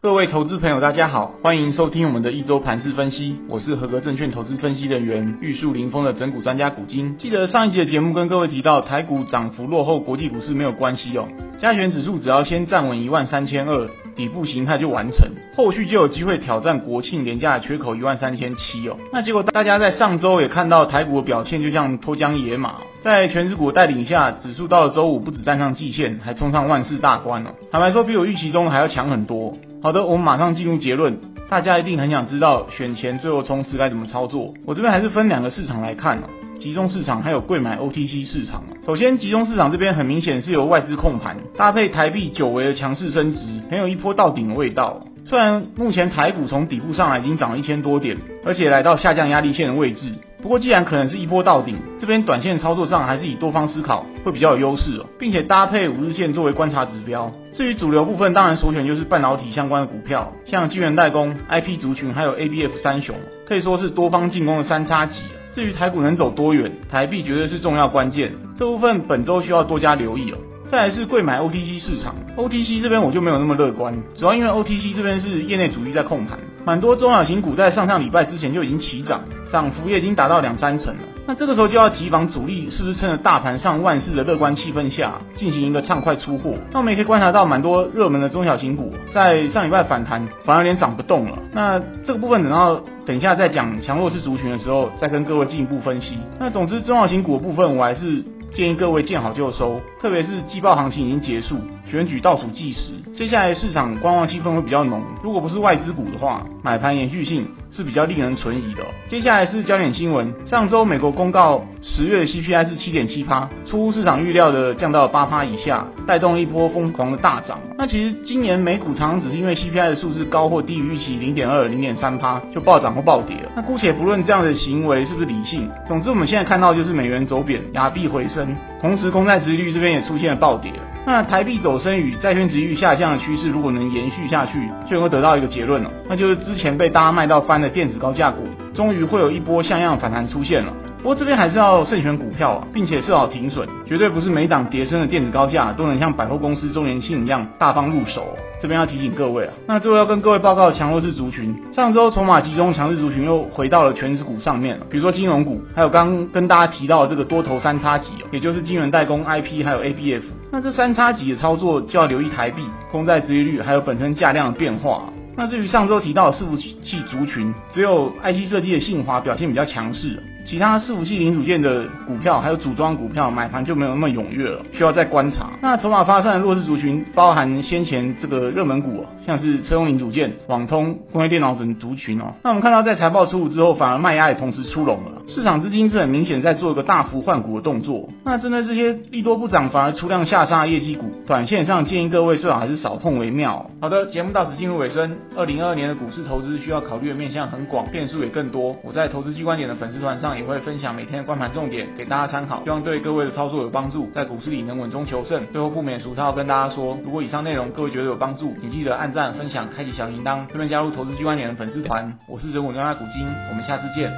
各位投資朋友，大家好，歡迎收聽我們的一周盤勢分析。我是合格證券投資分析人員玉樹臨風的整股專家古金。記得上一集的節目跟各位提到，台股漲幅落後國際股市沒有關係哦。加權指數只要先站穩一萬三千二。底部形態就完成，後續就有機會挑戰國慶連假的缺口一萬三千七哦。那結果大家在上周也看到台股的表現，就像脫韁野馬，在權值股帶領下，指數到了周五不只站上季線，還衝上萬四大關哦。坦白說，比我預期中還要強很多。好的，我們馬上進入結論，大家一定很想知道選前最後衝刺該怎麼操作？我這邊還是分兩個市場來看哦。集中市場還有櫃買 OTC 市場啊。首先，集中市場這邊很明顯是由外資控盤，搭配台幣久違的強勢升值，很有一波到頂的味道、啊。雖然目前台股從底部上來已經漲了一千多點，而且來到下降壓力線的位置。不過，既然可能是一波到頂，這邊短線操作上還是以多方思考會比較有優勢哦，並且搭配五日線作為觀察指標。至於主流部分，當然首選就是半導體相關的股票、啊，像晶圓代工、IP 族群，還有 ABF 三雄、啊，可以說是多方進攻的三叉戟、啊。至於台股能走多遠，台幣絕對是重要關鍵，這部分本周需要多加留意哦。再來是櫃買 OTC 市場，OTC 這邊我就沒有那麼樂觀，主要因為 OTC 這邊是業內主力在控盤，蠻多中小型股在上上禮拜之前就已經起漲。漲幅也已經達到兩三成了，那這個時候就要提防主力是不是趁着大盤上萬四的樂觀氣氛下進行一個暢快出貨？那我們也可以觀察到，蠻多熱門的中小型股在上禮拜反彈，反而有點漲不動了。那這個部分等到等一下再講強弱勢族群的時候，再跟各位進一步分析。那總之，中小型股的部分，我還是建議各位見好就收，特別是季報行情已經結束。選舉倒數計時，接下來市場觀望氣氛會比較濃。如果不是外資股的話，買盤延續性是比較令人存疑的。接下來是焦點新聞：上周美國公告十月的 CPI 是七點七趴，出乎市場預料的降到了八趴以下，帶動一波瘋狂的大漲。那其實今年美股常常只是因為 CPI 的數字高或低於預期零點二、零點三趴就暴漲或暴跌了。那姑且不論這樣的行為是不是理性，總之我們現在看到就是美元走貶，亞幣回升，同時公債殖利率這邊也出現了暴跌。那台幣走。升與債券殖利率下降的趨勢如果能延續下去，就能夠得到一個結論了，那就是之前被大家賣到翻的電子高價股，終於會有一波像樣的反彈出現了。不過這邊還是要慎選股票啊，並且設好停損，絕對不是每檔跌深的電子高價都能像百貨公司周年慶一樣大方入手。這邊要提醒各位啊，那最後要跟各位報告強弱勢族群，上周籌碼集中強勢族群又回到了權值股上面了，比如說金融股，還有剛跟大家提到的這個多頭三叉戟，也就是晶圓代工、IP 還有 ABF。那這三叉戟的操作就要留意台幣、公債殖利率，還有本身價量的變化啊。那至於上周提到的伺服器族群，只有 IC 設計的信驊表現比較強勢。其他伺服器零組件的股票，還有組裝股票買盤就沒有那麼踴躍了，需要再觀察。那籌碼發散的弱勢族群，包含先前這個熱門股，像是車用零組件、網通、工業電腦等族群哦。那我們看到在財報出爐之後，反而賣壓也同時出籠了，市場資金是很明顯在做一個大幅換股的動作。那針對這些利多不漲反而出量下殺業績股，短線上建議各位最好還是少碰為妙。好的，節目到此進入尾聲。二零二二年的股市投資需要考慮的面向很廣，變數也更多。我在投資 G 觀點的粉絲團上，也會分享每天的觀盤重點給大家參考，希望對各位的操作有幫助，在股市裡能穩中求勝。最後不免俗套，跟大家說，如果以上內容各位覺得有幫助，請記得按讚、分享、開啟小鈴鐺，順便加入投資 G 觀點的粉絲團。嗯、我是人文穩那股金，我們下次見。